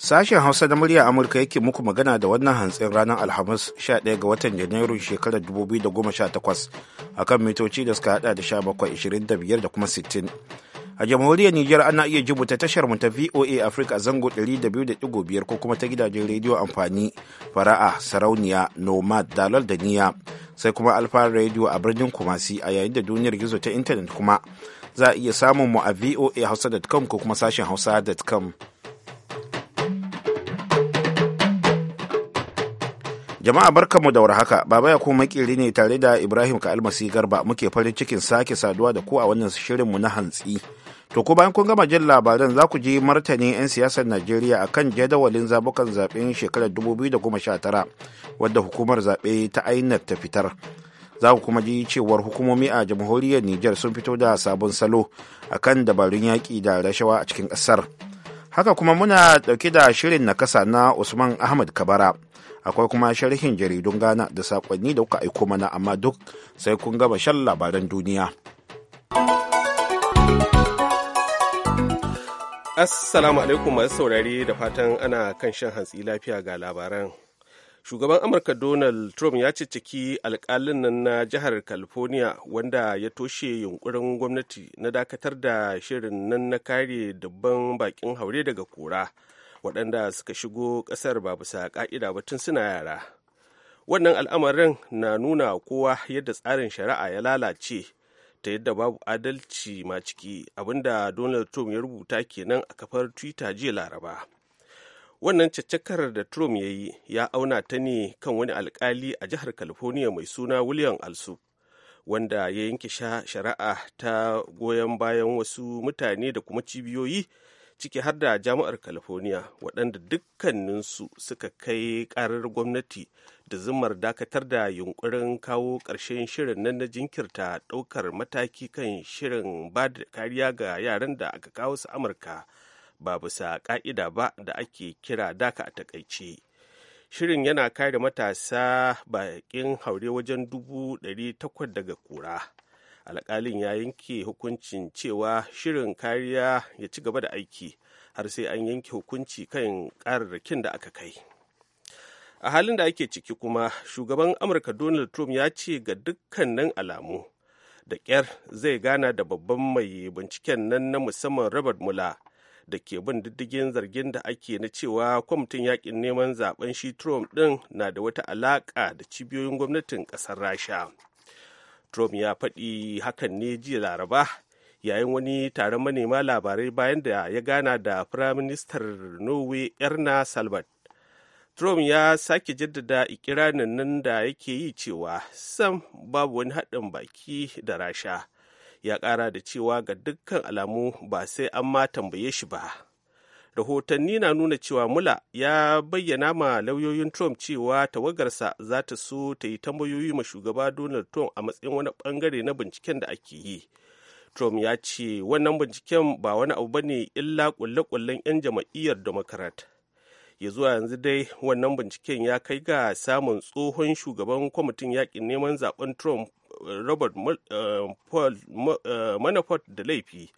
Sashen Hausa na murya Amurka yake muku magana da wannan hantsin ranar Alhamis 11 ga watan Janairu shekarar 2018 kan mitoci da suka hada da 17, 25 da kuma 60. a jamhuriyar Nijar ana iya jibuta tashar mu ta VOA Africa zango 200.5 ko kuma ta gidajen rediyo amfani fara'a sarauniya nomad dalal da niya sai kuma alfa rediyo a birnin kumasi a yayin da duniyar gizo ta intanet kuma za a iya samun mu a voa hausa.com ko kuma sashen hausa.com jama'a barkanmu da warhaka baba ya kuma makiri ne tare da ibrahim ka garba muke farin cikin sake saduwa da ku a wannan shirinmu na hantsi To ko bayan kun gama jin labaran za ku ji martani 'yan siyasar Najeriya kan jadawalin zabukan zaɓen shekarar 2019 wadda hukumar zaɓe ta aina ta fitar. Za ku kuma ji cewar hukumomi a jamhuriyar niger sun fito da sabon salo a kan dabarun yaƙi da rashawa a cikin ƙasar. Haka kuma muna ɗauke da shirin nakasa na Usman Ahmad Kabara. Akwai kuma sharhin jaridun Ghana da sakonni da kuka aiko mana amma duk sai kun gama shan labaran duniya. Assalamu alaikum masu saurari da fatan ana kan shan hantsi lafiya ga labaran. Shugaban Amurka Donald Trump ya cicciki alkalin nan na jihar California wanda ya toshe yunkurin gwamnati na dakatar da shirin nan na kare dubban bakin haure daga kura waɗanda suka shigo ƙasar ba bisa ƙa'ida ba tun suna yara. Wannan al'amarin na nuna kowa yadda tsarin shari'a ya lalace. ta yadda babu adalci ma ciki abinda donald trump ya rubuta kenan a kafar twitter jiya laraba wannan caccakar da trump ya yi ya auna ta ne kan wani alkali a jihar california mai suna william alsup wanda ya yanke shari'a ta goyon bayan wasu mutane da kuma cibiyoyi ciki har da jami'ar california waɗanda dukkaninsu suka kai ƙarar gwamnati da zumar dakatar da yunkurin kawo ƙarshen shirin nan na jinkirta ɗaukar mataki kan shirin ba da kariya ga yaran da aka kawo su amurka ba bisa ƙa'ida ba da ake kira daka a takaice shirin yana kare matasa baƙin haure wajen dubu ɗari takwas daga kura alkalin ya yanke hukuncin cewa shirin kariya ya ci gaba da aiki har sai an yanke hukunci kan ƙararrakin da aka kai a halin da ake ciki kuma shugaban amurka donald trump ya ce ga dukkanin alamu da ƙyar zai gana da babban mai binciken nan na musamman robert mueller da ke bin diddigin zargin da ake na cewa kwamitin yakin neman zaben shi trump din na da wata alaƙa da cibiyoyin gwamnatin ƙasar rasha Trump ya faɗi hakan ne jiya Laraba yayin wani taron manema labarai bayan da ya gana da Firaministar Norway Erna Salvat. Trump ya sake jaddada ikirarin nan da yake yi cewa sam babu wani haɗin baki da rasha. Ya ƙara da cewa ga dukkan alamu ba sai an ma tambaye shi ba. rahotanni na nuna cewa mula ya bayyana ma lauyoyin trump cewa tawagarsa za ta so ta yi tambayoyi ma shugaba donald trump a matsayin wani bangare na binciken da ake yi trump ya ce wannan binciken ba wani abu bane illa kulle-kullen 'yan jama'iyyar democrat ya zuwa yanzu dai wannan binciken ya kai ga samun tsohon shugaban kwamitin yakin neman zaben trump robert eh, eh, manafort da laifi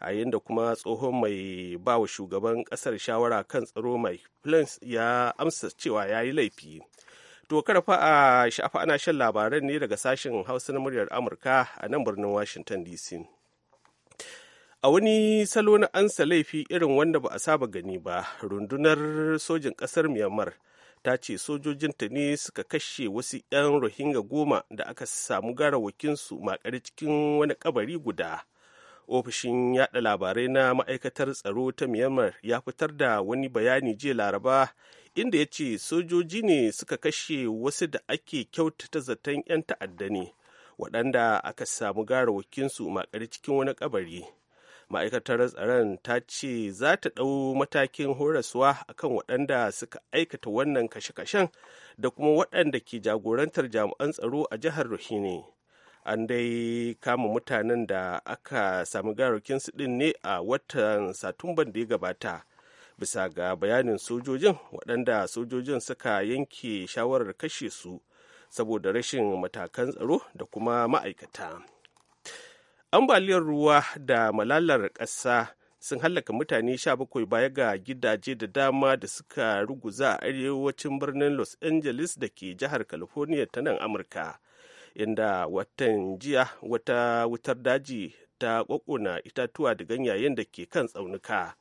a yadda kuma tsohon mai bawa shugaban kasar shawara kan tsaro mai Pence ya amsa cewa ya yi laifi to karfa a shafa ana shan labaran ne daga sashen hausa na muryar amurka a nan birnin washington dc a wani salo na ansa laifi irin wanda ba a saba gani ba rundunar sojin kasar myanmar ta ce sojojinta ne suka kashe wasu 'yan rohingya goma da aka samu garawakinsu makare cikin wani kabari guda ofishin yada labarai na ma'aikatar tsaro ta myanmar ya fitar da wani bayani jiya laraba inda ya ce sojoji ne suka kashe wasu da ake kyautata zaton 'yan ta'adda ne waɗanda aka samu garawakinsu makare cikin wani kabari ma'aikatar tsaron ta ce za ta ɗau matakin horaswa akan waɗanda suka aikata wannan kashe-kashen da kuma waɗanda ke jagorantar jami'an tsaro a jihar rohini an dai kama mutanen da aka sami su ɗin ne a watan satumban da ya gabata bisa ga bayanin sojojin waɗanda sojojin suka yanke shawarar kashe su saboda rashin matakan tsaro da kuma ma'aikata. ambaliyar ruwa da malalar ƙasa sun hallaka mutane 17 baya ga gidaje da dama da suka ruguza a arewacin birnin los angeles da ke jihar california ta nan amurka inda watan jiya wata wutar daji ta ƙwaƙona itatuwa da ganyayen da ke kan tsaunuka.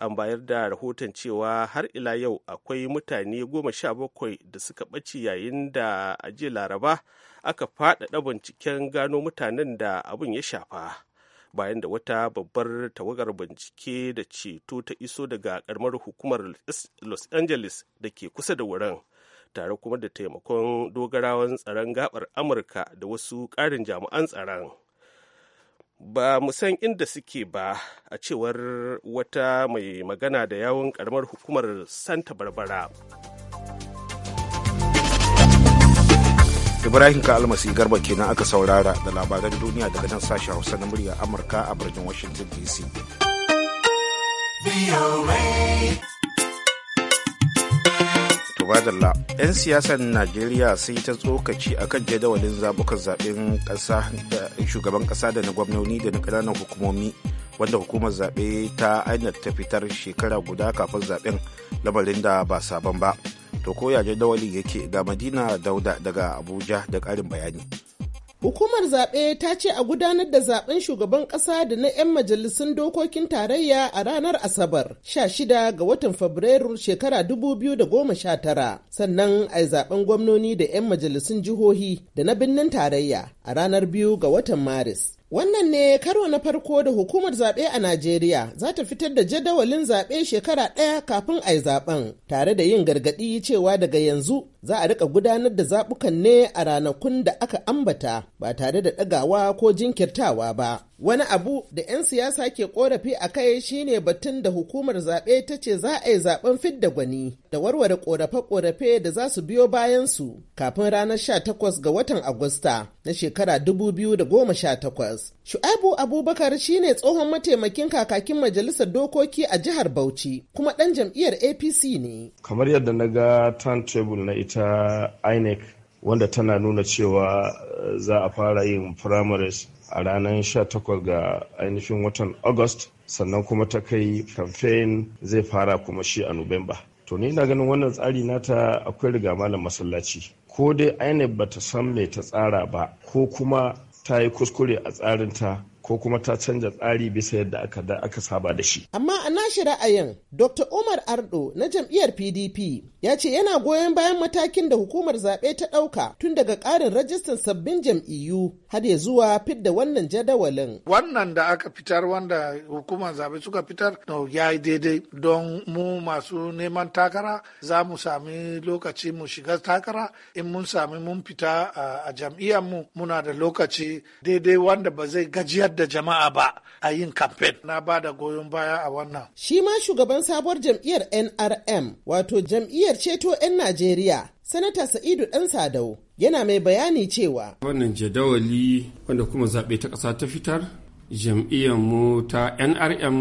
an bayar da rahoton cewa har ila yau akwai mutane goma sha bakwai da suka ɓace yayin da a jiya laraba aka faɗaɗa binciken gano mutanen da abin ya shafa bayan da wata babbar tawagar bincike da ceto ta iso daga karamar hukumar los angeles da ke kusa da wurin tare kuma da taimakon dogarawan tsaron gabar amurka da wasu ƙarin jami'an tsaron ba mu san inda suke ba a cewar wata mai magana da yawon karamar hukumar santa barbara ibrahim ka almasi garba kenan aka saurara da labaran duniya daga nan sashen hausa na murya amurka a birnin washington dc madalla 'yan siyasar najeriya sun yi ta tsokaci a kan jadawalin zabukan zaɓen shugaban ƙasa da na gwamnoni da na ƙananan hukumomi wanda hukumar zaɓe ta ainihin ta fitar shekara guda kafin zaɓen lamarin da ba sabon ba to koya jadawalin yake ga madina dauda daga abuja da ƙarin bayani Hukumar zaɓe ta ce a gudanar da zaɓen shugaban ƙasa da na 'yan majalisun dokokin tarayya a ranar Asabar 16 ga watan Fabrairu shekara 2019 sannan a zaɓen gwamnoni da 'yan majalisun jihohi da na birnin tarayya a ranar 2 ga watan Maris. Wannan ne karo na farko da hukumar zaɓe a Najeriya za ta fitar da jadawalin zaɓe shekara ɗaya kafin a yi zaɓen, tare da yin gargaɗi cewa daga yanzu za a rika gudanar da zaɓukan ne a ranakun da aka ambata ba tare da ɗagawa ko jinkirtawa ba. Wani abu da 'yan siyasa ke korafi a kai shine batun da hukumar zaɓe ta ce za a yi zaɓen fidda gwani da warware korafe-korafe da za su biyo bayansu kafin ranar 18 ga watan Agusta na shekara 2018. Shu'abu Abubakar shine tsohon mataimakin kakakin majalisar dokoki a jihar Bauchi kuma ɗan jam'iyyar APC ne. Kamar yadda na ga turntable na ita INEC wanda tana nuna cewa eh, za a fara yin primaries a ranar 18 ga ainihin watan august sannan kuma ta kai campaign zai fara kuma shi a november to ni na ganin wannan tsari nata akwai riga malam masallaci ko dai inec ba ta san mai ta tsara ba ko kuma ta yi kuskure a tsarinta ko kuma ta canza tsari bisa yadda aka da aka saba da shi. Amma a nashi ra'ayin Dr. Umar Ardo na jam'iyyar PDP ya ce yana goyon bayan matakin da hukumar zaɓe ta ɗauka tun daga ƙarin rajistan sabbin jam'iyyu har ya zuwa fidda wannan jadawalin. Wannan da aka fitar wanda hukumar zaɓe suka fitar no, ya yi daidai don mu masu neman takara za mu sami lokaci mu shiga takara in mun sami mun fita a, a jam'iyyar mu muna da lokaci daidai wanda ba zai gajiyar da jama'a ba a yin kamfen. Na ba da goyon baya a wannan. Shi ma shugaban sabuwar jam'iyyar NRM wato jam'iyyar ceto 'yan Najeriya Sanata Sa'idu ɗan Sadau yana mai bayani cewa. Wannan jadawali wanda kuma zaɓe ta ƙasa ta fitar jam'iyyar mu ta NRM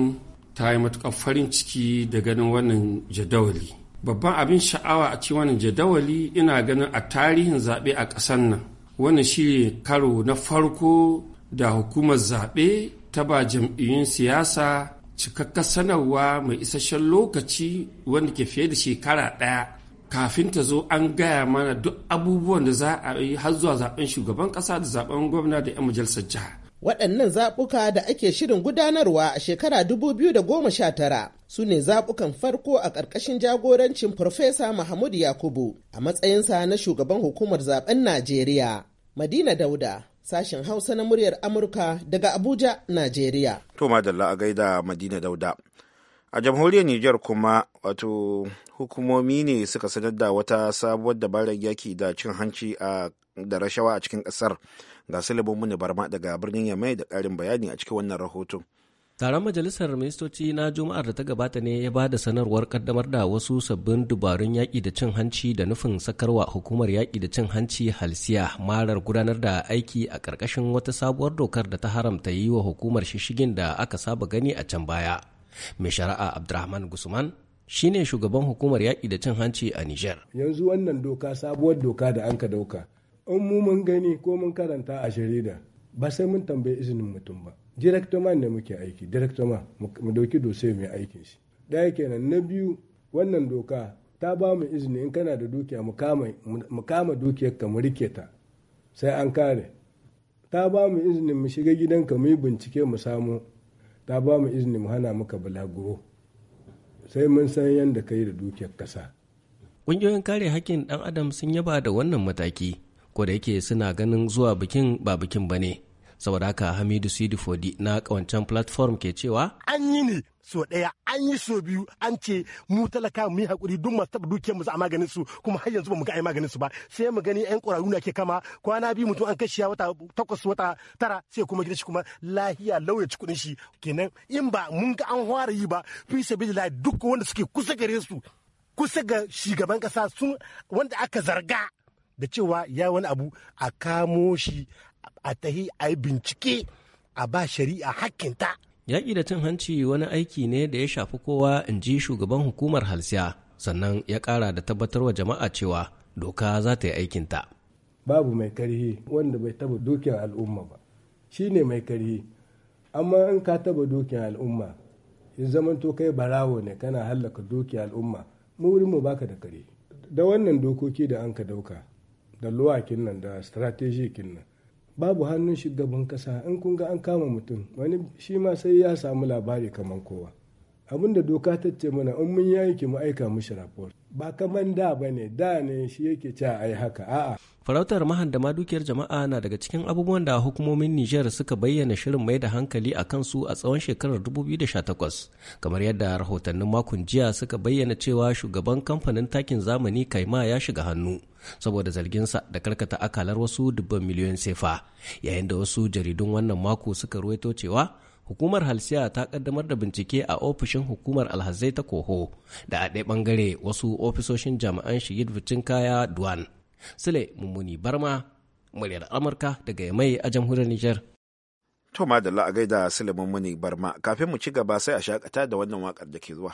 ta yi matuƙar farin ciki da ganin wannan jadawali. Babban abin sha'awa a cikin wannan jadawali ina ganin a tarihin zaɓe a ƙasar nan. Wannan shi karo na farko da hukumar zaɓe ta ba jam'iyyun siyasa cikakka sanarwa mai isasshen lokaci wanda ke fiye da shekara ɗaya kafin ta zo an gaya mana duk abubuwan da za a yi har zuwa zaben shugaban ƙasa da zaɓen gwamna da 'yan majalisar jiha. waɗannan zaɓuka da ake shirin gudanarwa a shekara 2019 su ne zaɓukan farko a ƙarƙashin jagorancin Farfesa Mahmud Yakubu a matsayinsa na shugaban hukumar zaɓen Najeriya. Madina Dauda, sashen Hausa na muryar Amurka daga Abuja, Najeriya. To madalla a gaida Madina Dauda. A jamhuriyar Nijar kuma wato hukumomi ne suka sanar da wata sabuwar dabarar yaki da cin hanci a da rashawa a cikin kasar ga silibin muni barma daga birnin yamai da ƙarin bayani a cikin wannan rahoton. Taron majalisar ministoci na Juma'ar da ta gabata ne ya ba da sanarwar kaddamar da wasu sabbin dubarun yaƙi da cin hanci da nufin sakarwa hukumar yaƙi da cin hanci halsiya marar gudanar da aiki a ƙarƙashin wata sabuwar dokar da ta haramta yi wa hukumar shishigin da aka saba gani a can baya. Mai shari'a Abdurrahman Gusman shine shugaban hukumar yaƙi da cin hanci a Nijar. Yanzu wannan doka sabuwar doka da an ka dauka. In mu mun gani ko mun karanta a jarida ba sai mun tambayi izinin mutum ba. direktoma ne muke aiki direktoma mu dauki dose mai aikin shi ɗaya kenan na biyu wannan doka ta ba mu izini in kana da dukiya mu kama dukiyar ka mu rike ta sai an kare ta ba mu izini mu shiga gidanka mu yi bincike mu samu ta ba mu izini mu hana maka bulaguro sai mun san yadda ka yi da dukiyar kasa ƙungiyoyin kare hakkin ɗan adam sun yaba da wannan mataki ko da yake suna ganin zuwa bikin ba bikin ba ne saboda haka hamidu sidi fodi na kawancan platform ke cewa an yi ne so ɗaya an yi so biyu an ce mu talaka mu yi hakuri duk masu taɓa dukiyar mu a maganin su kuma har yanzu ba mu ga ai maganin su ba sai mu gani ƴan ƙwararru na ke kama kwana biyu mutum an kashiya wata takwas wata tara sai kuma gidan shi kuma lahiya lauya ci kuɗin shi kenan in ba mun ga an fara yi ba fi sabilillah duk wanda suke kusa gare su kusa ga shugaban kasa sun wanda aka zarga da cewa ya wani abu a kamo shi a ta yi a yi bincike a ba shari'a hakkinta. Yaƙi da cin hanci wani aiki ne da ya shafi kowa in ji shugaban hukumar halsiya sannan ya ƙara da tabbatar wa jama'a cewa doka za ta yi aikinta. Babu mai karhi wanda bai taba dukiyar al'umma ba shi ne mai karhi amma in ka taba dukiyar al'umma ya to kai barawo ne kana hallaka dukiyar al'umma mu wurin mu baka da kare. Da wannan dokoki da an ka dauka da luwakin nan da strategikin nan babu hannun shugaban kasa in kun ga an kama mutum wani shi ma sai ya samu labari kamar kowa abinda doka ta ce mana in mun yayi ki mu aika mishi rapor ba kaman da ba ne da ne shi yake ce ai haka a'a farautar mahandama dukiyar jama'a na daga cikin abubuwan da hukumomin Nijar suka bayyana shirin mai da hankali a kansu a tsawon shekarar 2018 kamar yadda rahotannin makon jiya suka bayyana cewa shugaban kamfanin takin zamani kaima ya shiga hannu saboda zarginsa da karkata akalar wasu dubban miliyoyin sefa yayin da wasu jaridun wannan mako suka ruwaito cewa hukumar halsiya ta kaddamar da bincike a ofishin hukumar alhazai ta koho da a ɗaya ɓangare wasu ofisoshin jami'an shigid fitin kaya duwan sule mummuni barma muryar amurka daga mai a jamhuriyar niger to madalla a gaida sule mummuni barma kafin mu ci gaba sai a shakata da wannan wakar da ke zuwa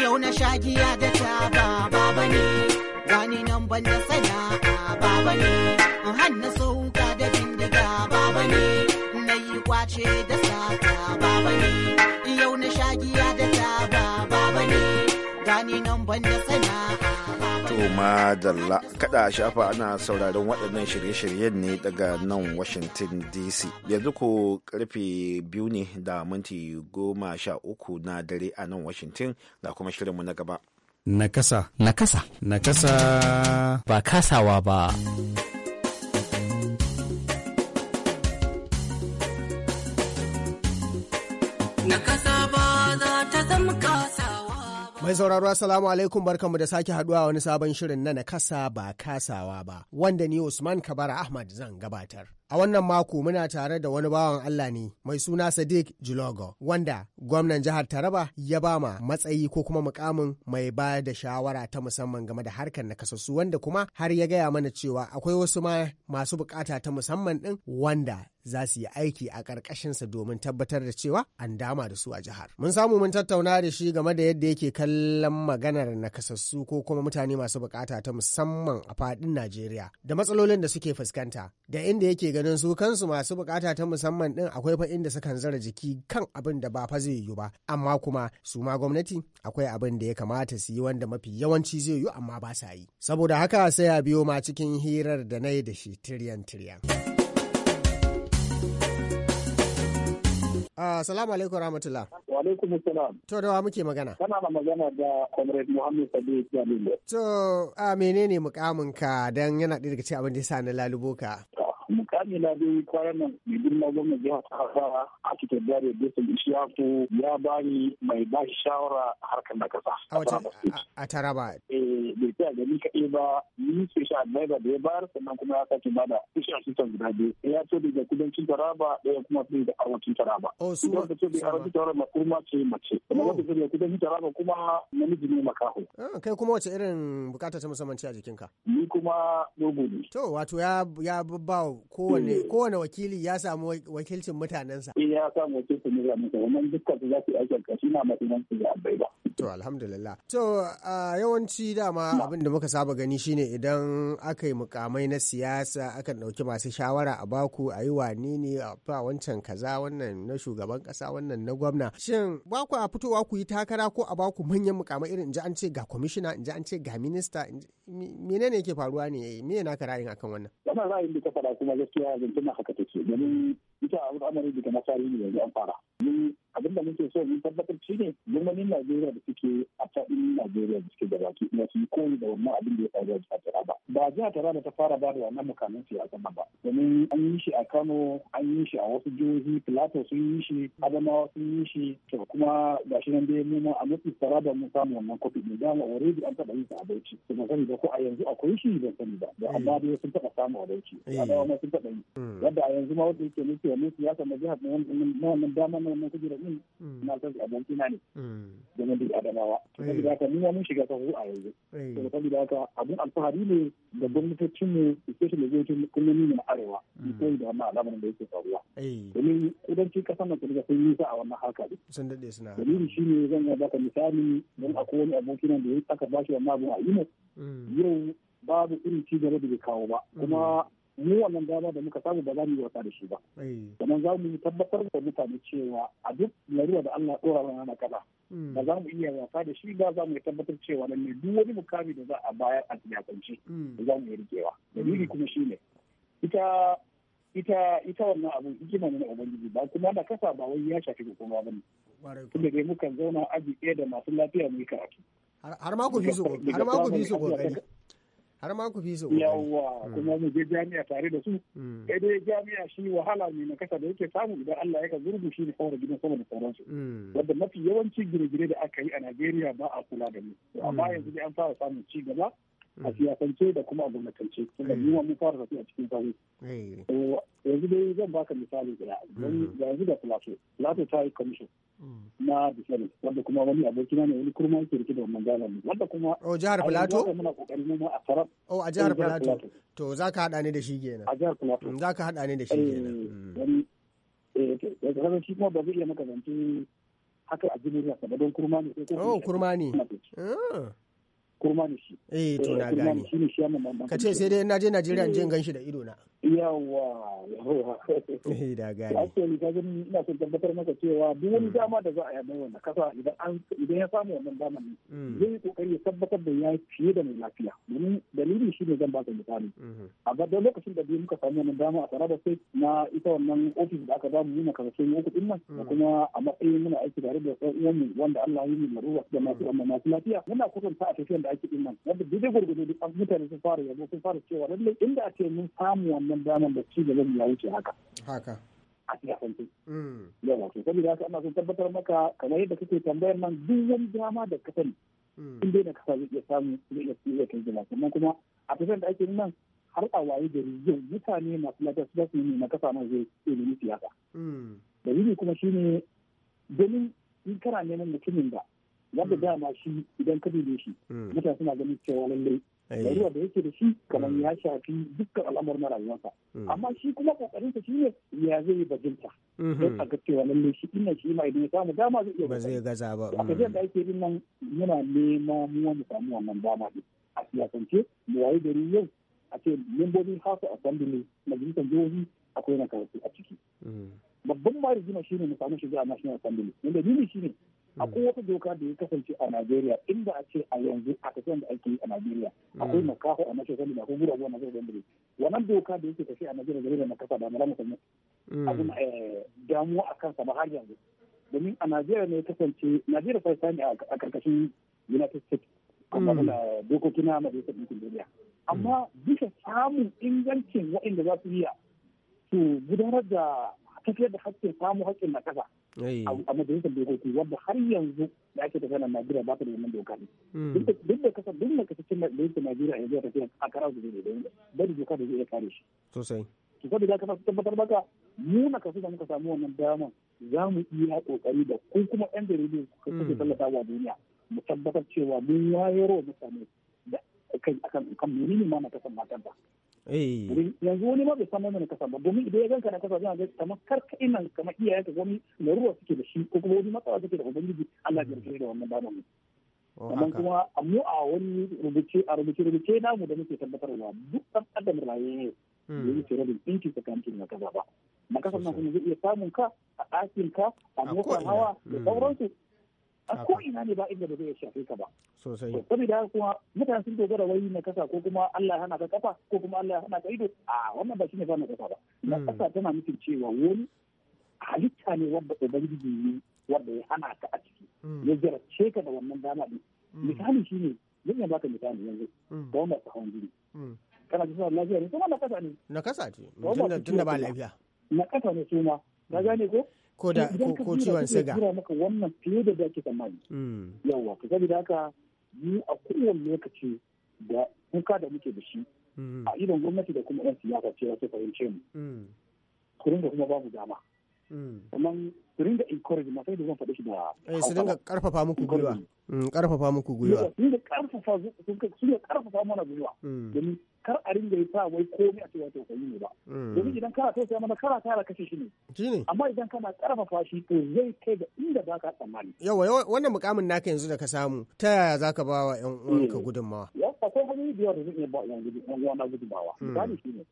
yau na shagiya da taba baba ne gani nan ban da sana'a baba ne hannu sauka da bindiga baba ne na yi kwace da saka baba ne yau na shagiya da taba baba ne gani nan ban da sana'a To madalla kada a shafa ana sauraron waɗannan shirye-shiryen ne daga nan Washington DC. Yanzu ko karfe biyu ne da minti goma sha uku na dare a nan Washington da kuma shirinmu na gaba. Nakasa. Nakasa. Nakasa. Ba kasawa ba. Nakasa. Mai sauraro Assalamu alaikum barkanmu da sake haduwa wani sabon shirin na nakasa ba kasawa ba wanda ni Usman Kabara Ahmad zan gabatar. A wannan mako muna tare da wani bawan Allah ne mai suna Sadiq Jilogo wanda gwamnan jihar Taraba ya ba ma matsayi ko kuma mukamin mai ba da shawara ta musamman game da harkar nakasassu wanda kuma har ya gaya mana cewa akwai wasu ma masu bukata ta musamman din wanda za su yi aiki a ƙarƙashinsa domin tabbatar da cewa an dama da su a jihar. Mun samu mun tattauna da shi game da yadda yake kallon maganar nakasassu ko kuma mutane masu bukata ta musamman a faɗin Najeriya da matsalolin da suke fuskanta da inda yake ganin su kansu masu bukata ta musamman ɗin akwai fa inda sukan zara jiki kan abin da ba fa zai yiwu ba amma kuma su ma gwamnati akwai abin da ya kamata su yi wanda mafi yawanci zai yiwu amma ba sa yi. Saboda haka sai a biyo ma cikin hirar da na yi da shi tiryan tiryan. Assalamu ah, alaikum rahmatullah. Wa alaikum salam. To da wa muke magana? Kana da magana da Comrade Muhammad Sadiq Jamilu. To a ah, menene mukamin ka dan yana daga cikin abin da na laluboka? ka? mukami na dai kwanan nan mai girma gwamnan jihar ta hasa a cikin dare da su Ishaku ya bani mai ba shi shawara harkar na kasa. A Taraba. Eh bai tsaya da ni kaɗai ba e, ni special advisor da ya bayar sannan kuma ya sake bada special assistant guda biyu. Ya ce daga oh. kudancin Taraba ɗaya kuma sai da arwacin Taraba. o su. ba su ce da arewacin Taraba kuma ce mace. Kuma wata ce da kudancin Taraba kuma namiji ne makaho. Kai kuma wace irin bukatar ta musamman ce a jikinka? Ni kuma dogo ne. To wato ya ya ba kowane eh. kowane wakili ya samu wakilcin mutanensa. Eh ya samu wakilcin mutanensa wannan dukkan su za su yi aikin kashi na masu nan su ba. To alhamdulillah. To yawanci dama abin da muka saba gani shine idan aka yi mukamai na siyasa akan ɗauki masu shawara a baku a yi wa ne a fa wancan kaza wannan na shugaban kasa wannan na gwamna. Shin ba ku a fitowa ku yi takara ko a baku manyan mukamai irin ji an ce ga kwamishina in an ce ga minista menene yake faruwa ne me na ka ra'ayin akan wannan. Wannan ra'ayin da ka faɗa kuma gaskiya zancen haka take domin ita al'amarin da ta masari ne yanzu an fara. ni abin da muke so mun tabbatar shi ne gwamnonin Najeriya da suke a faɗin Najeriya da suke gabaki na su koyi da wannan abin da ya faru a Taraba. Ba jiha Taraba ta fara ba da wannan mukamin siyasa ba. Domin an yi shi a Kano, an yi shi a wasu jihohi, Plateau sun yi shi, Adamawa sun yi shi, to kuma ga shi nan dai mu ma a mutu da mun samu wannan kofi ne da mu already an taɓa yin sa a Bauchi. To ban sani ba ko a yanzu akwai shi ban sani ba. Da amma dai sun taɓa samu a Bauchi. Eh. Adawa sun taɓa yi. Hmm. Yadda a yanzu ma wanda yake nufi wannan siyasa na jihar na wannan daman wannan mun kujera din mm. na san aboki na ne zaman mm. duk adamawa eh. da ka mu mun shiga sahu a yanzu eh. da haka abun alfahari ne da gwamnatocin mu especially kuma ni na arewa mm. ko da ma al'amarin da yake faruwa eh. domin kudanci kasar nan kuma sun nisa a wannan haka ne sun dade suna dalili shine zan ga baka misali don akwai wani aboki da ya aka bashi wannan abun a yau babu irin ci gaba da bai kawo ba kuma mu wannan dama da muka samu ba za mu yi wasa da shi ba eh. sannan za mu tabbatar da mutane cewa a duk laruwa da Allah ɗora mana na kaza hmm. ba za mu iya wasa da shi ba za mu tabbatar cewa nan ne duk wani mukami da za a bayar a siyasance da hmm. za mu yi rikewa dalili hmm. kuma shi ne ita ita ita wannan abu hikima ne na ubangiji ba kuma na kasa ba wai ya shafi kuma ba ne tunda dai mukan zauna aji ɗaya da masu lafiya mu yi karatu har ma ku bi su har ma ku su har ma ku fi su yawwa kuma mu je jami'a tare da su kai mm. dai jami'a shi wahala ne na kasa da yake samu idan Allah ya ka gurgu shi da kawar gidan sama da sauransu mm. wanda mafi yawanci gine-gine da aka yi a Najeriya ba a kula da mu amma mm. yanzu dai an fara samun ci gaba a mm. siyasance da kuma a gwamnatance kuma eh. yiwa mun fara tafiya cikin sahu eh. yanzu dai zan baka misali guda mm. yanzu da filato filato ta yi commission mm. na bisani wanda kuma wani abokina ne wani kurma yake rike da wannan zamani wanda kuma o oh, jihar filato muna kokarin noma a tarab o oh, a jihar filato eh, to ka hada ne da shi kenan a jihar filato zaka hada ne da shi kenan wani eh to shi kuma ba zai iya maka zance haka a jimuriya ba don kurma ne ko oh, kurma ne kurma ne shi eh to eh, na gane ka ce sai dai na je Najeriya in je in eh. ganshi da ido na yawa yawa da gani actually ka gani ina son tabbatar maka cewa duk wani dama da za a yaba wannan kasa idan an idan ya samu wannan daman ne mm. zai yi kokari ya tabbatar da ya fiye da mai lafiya domin dalilin shi ne zan baka misali a ga da lokacin da biyu muka samu wannan dama a taraba sai na ita wannan ofis da aka bamu muna karatun uku din nan da mm. kuma a matsayin muna aiki tare da ɗan uwanmu wanda Allah ya yi maruwa da masu amma masu lafiya muna kusanta a tafiyar da ake din nan wanda duk da gurgudu duk mutane sun fara yabo sun fara cewa lallai inda ake mun samu wannan wannan damar da ci gaban ya wuce haka haka a siyasance mm. yawa to saboda haka ana so tabbatar maka kamar yadda kake tambayar nan duk wani dama da ka sani mm. in dai na kasa zai iya samu zai iya iya kai sannan kuma a fitar da ake nan har a waye da yau mutane masu lafiya su zasu ne na kasa nan zai ilimi siyasa mm. dalili kuma shi ne ganin in kana neman mutumin da yadda dama shi idan ka dube shi mutane suna ganin cewa lallai larura eh. da yake da shi kamar hmm. ya shafi dukkan al'amuran na rayuwarsa hmm. amma shi kuma kokarin shi ne ya zai yi bajinta hmm. don a ga cewa ne shi ina shi ma idan ya samu dama zai iya ba zai gaza ba a kajiyar da ake yin nan yana nema mu wani samu wannan dama din a siyasance mu wayi gari yau a ce membobin haka a sandini majalisar jihohi akwai na karatu a ciki babban ma rigima shi ne mu samu shiga a national assembly wanda dalili shi ne akwai hmm. wata doka da ya kasance a Najeriya inda a ce a yanzu a tafiyan da ake yi a Najeriya hmm. akwai makaho a mashi sani akwai guragu a mashi sani wannan doka da yake tafiya a Najeriya da da makasa da mara musamman abin eh, damuwa a kansa ba har yanzu domin a Najeriya ne ya kasance Najeriya fa ne a karkashin United States kuma da hmm. dokoki na Majalisar Ɗinkin Duniya amma bisa samun ingancin waɗanda za su iya su gudanar da tafiyar da haƙƙin samu haƙƙin na ƙasa a majalisar dokoki wadda har yanzu da ake tafiya na Najeriya ba ta da wannan doka ne hmm. duk da kasa duk da kasa cikin majalisar Najeriya yanzu ya tafiya a karar da ba da doka da zai iya kare shi sosai to da za ka tabbatar maka mu na kasu da muka samu wannan dama za mu iya kokari da ku kuma yan jaridu ka kuke hmm. tallata wa duniya mu tabbatar cewa mun wayarwa mutane da kan akan kan menene ma na kasan matan ba Eh. yanzu wani ma bai samu mana kasa ba domin idan ya ganka na kasa zan ga kamar karka ina kamar iyayenka wani ruwa suke da shi ko kuma wani matsala suke da ubangiji Allah ya rike da wannan hmm. oh, damar amma kuma ah, mu a ah, wani rubuce a ah, rubuce rubuce mu da muke tabbatarwa duk ɗan adam raye ne ya inci ka ɗinki tsakanin na kasa ba na kasa nan kuma zai iya samun ka a ɗakin ka a motsa hawa da sauransu a ko ina ne ba inda ba zai shafe ka ba sosai saboda kuma mutane sun dogara wai na kasa ko kuma Allah hana ka kafa ko kuma Allah hana ka ido a wannan ba shine ba na kasa ba na hmm. kasa tana nufin cewa wani halitta ne wanda ubangiji ne wanda ya hana ka a ciki hmm. ya ce ka da wannan dama din hmm. misali shine zan iya baka misali yanzu ga wannan hawan jini kana jin lafiya ne kuma na kasa ne na kasa ce tunda ba lafiya na kasa ne suma ka gane ko ko da ko ciwon siga idan maka wannan fiye da da ake tsammani mm. yawa ka da haka mu a kowane lokaci da kuka da muke da shi mm. a idan gwamnati da kuma yan siyasa ce za su fahimce mu mm. ku ringa kuma babu dama sannan ku ringa encourage ma sai da zan faɗi shi da eh su dinga karfafa muku gwiwa karfafa muku gwiwa su dinga karfafa su dinga karfafa mana gwiwa domin kar a ringa yi sa wai komai a cewa tausayi ne ba hmm. domin idan kana tausaya mana kara kara kashe shi ne amma idan kana karfafa shi to zai kai da inda ba ka tsammani yawa wannan mukamin naka yanzu da ka samu ta yaya za ka ba wa yan uwanka hmm. gudunmawa akwai hanyoyi da da zan iya ba yan uwana gudunmawa hmm. misali shi ne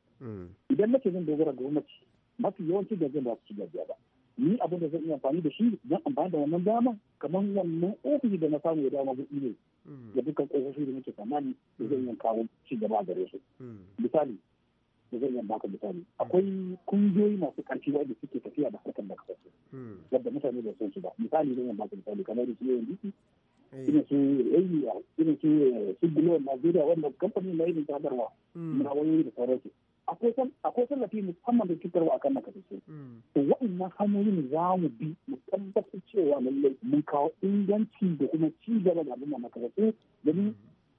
idan nake zan dogara gwamnati mafi yawanci da zan ba su gajiya ba ni abin da zan iya amfani da shi don amfani da wannan dama kamar wannan ofishi da na samu ya dama buɗi ne hmm. da dukkan ƙofofi da muke tsammani da zan iya kawo ci gaba a gare su hmm. misali da zan iya baka misali hmm. akwai kungiyoyi masu ƙarfi wanda suke tafiya da harkar da kasashe yadda mutane da sun su ba misali zan iya baka misali kamar da su yawan biki irin su e irin su eh, su gulo Najeriya wanda kamfanin na irin sadarwa na wani da sauransu akwai tallafi musamman da fitarwa akan nakasassu hmm. to na hanyoyin za mu bi mu tabbatar cewa lallai mun kawo inganci da kuma ci gaba da abin nakasassu domin hmm.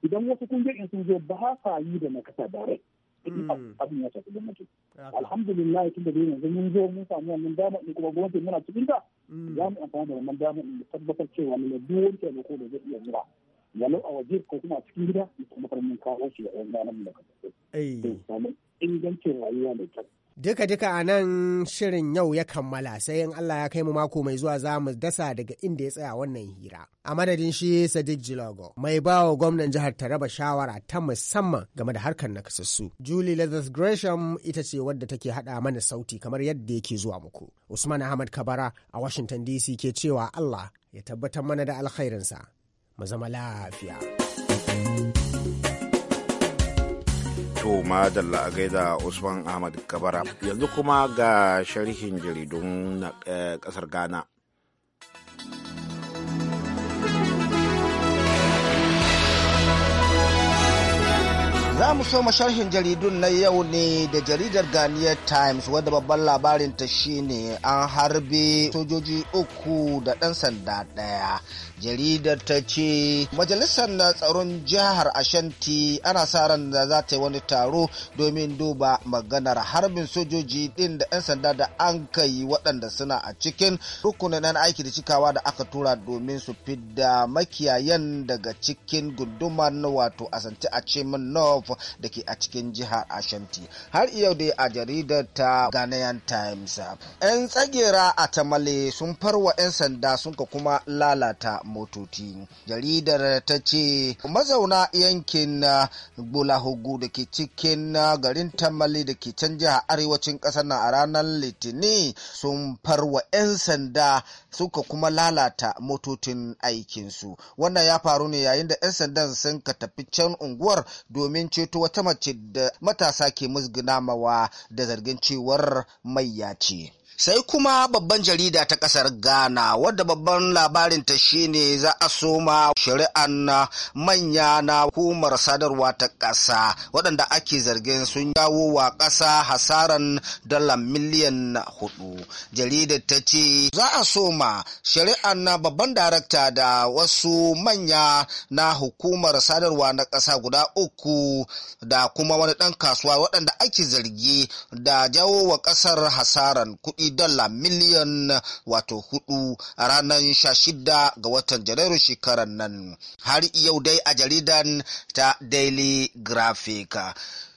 idan wasu kungiyoyin sun zo ba sa yi da da rai hmm. abin ya shafi gwamnati alhamdulillah tun da dai yanzu mun zo mun samu wannan dama in kuma gwamnati muna cikin ta za mu amfana da wannan dama in tabbatar cewa ne duk wani taimako da zai iya zuwa Yalo a waje ko kuma cikin gida mu kuma mun kawo shi a wannan ganan mu ingancin rayuwa da kyau. Duka duka a nan shirin yau ya kammala sai in Allah ya kai mu mako mai zuwa za mu dasa daga inda ya tsaya wannan hira. A madadin shi Sadiq Jilogo mai bawa gwamnan jihar Taraba shawara ta musamman game da harkar nakasassu. Julie Leathers Gresham ita ce wadda take hada mana sauti kamar yadda yake zuwa muku. Usman Ahmad Kabara a Washington DC ke cewa Allah ya tabbatar mana da alkhairinsa. Mu zama lafiya. To madalla a gaida Usman Ahmad Kabara yanzu kuma ga sharhin jaridun eh, kasar Ghana. Za mu so sharhin jaridun na yau ne da jaridar Ghanaian Times wadda babban labarinta shine an harbe sojoji uku da ɗan sanda ɗaya. Jaridar ta ce majalisar na tsaron jihar Ashanti ana sa ran da za ta yi wani taro domin duba maganar harbin sojoji ɗin da 'yan sanda da an kai waɗanda suna a cikin rukunin 'yan aiki da cikawa da aka tura domin su fidda makiyayan daga cikin gunduman wato asanti a cimin da ke a cikin jihar Ashanti. Har yau dai a jaridar ta Ghanaian Times. 'Yan tsagera a Tamale sun farwa 'yan sanda sun ka kuma lalata motoci. Jaridar ta ce mazauna yankin uh, Bulahugu da ke cikin uh, garin Tamale da ke can jihar arewacin ƙasar na a ranar Litinin sun farwa 'yan sanda suka kuma lalata motocin aikinsu wannan ya faru ne yayin da 'yan sandan sun ka tafi can unguwar domin ceto wata mace da matasa ke musguna mawa da zargin cewar mai ce. sai kuma babban jarida ta ƙasar ghana wadda babban labarinta shine za a soma shari'an manya na hukumar sadarwa ta ƙasa waɗanda ake zargin sun jawo wa ƙasa hasaran dala miliyan hudu Jarida ta ce za a soma shari'an na babban darakta da wasu manya na hukumar sadarwa na ƙasa guda uku da kuma wani ɗan kasuwa waɗanda ake zargi da jawo wa ƙasar hasaran kuɗi kuɗi dala miliyan wato hudu a ranar sha shida ga watan janairu shekarar nan har yau dai a jaridan ta daily graphic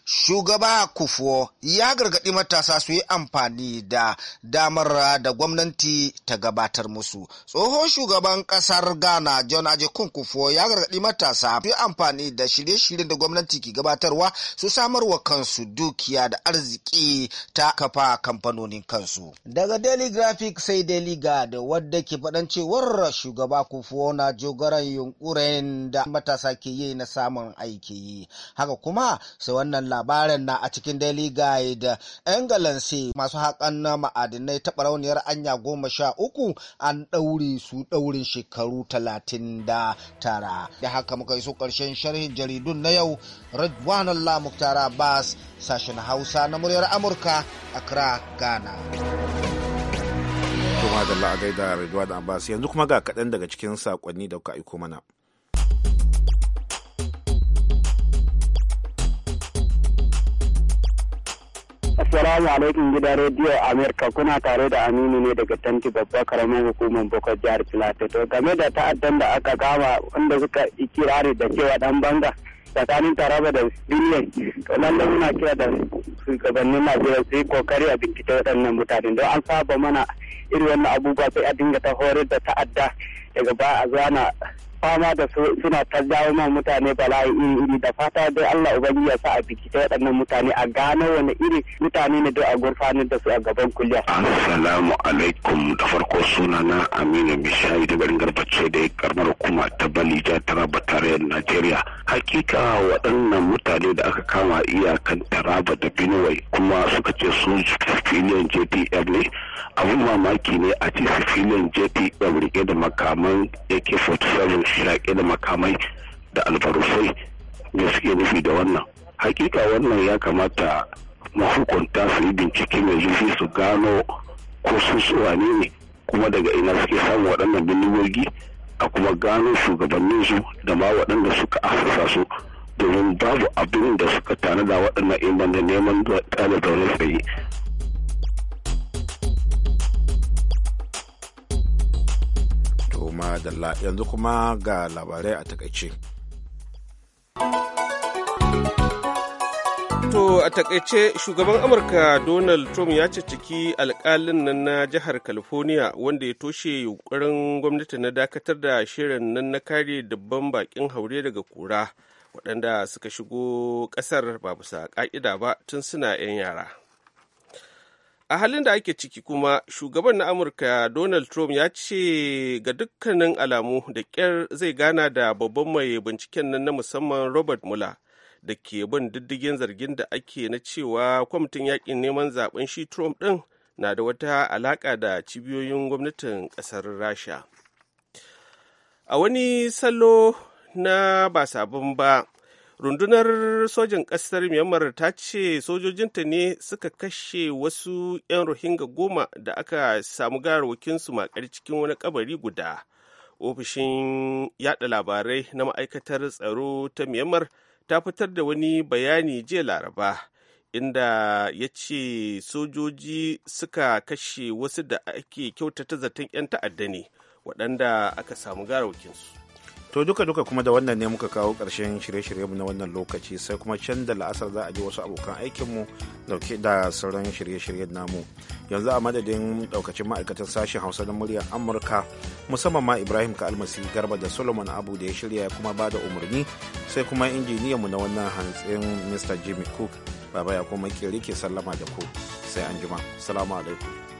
shugaba kufuwa ya gargaɗi matasa su yi amfani da damar da gwamnati ta gabatar musu tsohon shugaban ƙasar ghana john ajekun kufuwa ya gargaɗi matasa su yi amfani da shirye-shiryen da gwamnati ke gabatarwa su samarwa kansu dukiya da arziki ta kafa kamfanonin kansu daga daily graphic sai daily guard wadda ke faɗan cewar shugaba kufuwa na jogaran yunkurin da matasa ke yi na samun aiki haka kuma sai wannan labarin na a cikin Daily Guide. 'Yan galansi masu haƙan na ma'adinai ta barauniyar anya goma sha uku an ɗaure su ɗaurin shekaru talatin da tara. Da haka muka iso ƙarshen sharhin jaridun na yau Radwan Allah Muktara Abbas sashen Hausa na muryar Amurka Accra Ghana. Kuma da la'agai da Radwan Abbas yanzu kuma ga kaɗan daga cikin saƙonni da kuka aiko mana. Assalamu alaikum gidan rediyo Amerika kuna tare da Aminu ne daga tanti babba karamin hukumar Boko jihar Plateau. To game da ta'addan da aka gama wanda suka ikirari da cewa dan banga tsakanin taraba da biliyan to lallai muna kira da shugabannin Najeriya su yi kokari a bincike waɗannan mutane don an saba mana irin wannan abubuwa sai a dinga ta horar da ta'adda daga ba a zana fama da su suna ta jawo ma mutane bala'i iri iri da fata dai Allah ubangiji ya sa a ta waɗannan mutane a gano wani iri mutane ne dai a gurfanar da su a gaban kuliya. Assalamu alaikum da farko na Aminu Bishayi da garin garbace da kuma kuma ta Balija Taraba tarayyar Najeriya. Hakika waɗannan mutane da aka kama iyakan Taraba da Benue kuma suka ce su filiyan JTF ne abin mamaki ne a ce filiyan JTF rike da makaman AK-47 shaƙe da makamai da alfarusai da suke nufi da wannan hakika wannan ya kamata mahukunta su yi bincike mai zurfi su gano ko su tsuwa ne kuma daga ina suke samun waɗannan bindigogi a kuma gano shugabannin su da ma waɗanda suka asasa su domin babu abin da suka tanada waɗannan inda da neman tsare zaune kuma Dalla yanzu kuma ga labarai a takaice. To a takaice shugaban Amurka Donald Trump ya cicciki alkalin nan na jihar California wanda ya toshe yunkurin gwamnati na dakatar da shirin nan na kare dabban bakin haure daga kura waɗanda suka shigo ƙasar ba bisa ƙa'ida ba tun suna 'yan yara. a halin da ake ciki kuma shugaban na amurka donald trump ya ce ga dukkanin alamu da ƙyar zai gana da babban mai binciken nan na musamman robert mueller da ke bin diddigin zargin da ake na cewa kwamitin yakin neman zaben shi trump ɗin na da wata alaƙa da cibiyoyin gwamnatin ƙasar rasha a wani salo na ba sabon ba rundunar sojin ƙasar myanmar ta ce sojojinta ne suka kashe wasu 'yan rohingya goma da aka samu gawarwakinsu makar cikin wani kabari guda ofishin yada labarai na ma'aikatar tsaro ta myanmar ta fitar da wani bayani jiya laraba inda ya ce sojoji suka kashe wasu da ake kyautata zaton 'yan ta'adda ne waɗanda aka samu gawarwakinsu to duka-duka kuma da wannan ne muka kawo ƙarshen shirye-shiryenmu na wannan lokaci sai kuma can da la'asar za a ji wasu abokan aikinmu dauke da sauran shirye-shiryen namu yanzu a madadin daukacin ma'aikatan sashen hausa na muryar amurka musamman ma ibrahim ka almasi garba da solomon abu da ya shirya ya kuma bada umarni sai kuma injiniyanmu na wannan hantsin mr jimmy cook baba ya kuma ke sallama da ku sai an jima salamu alaikum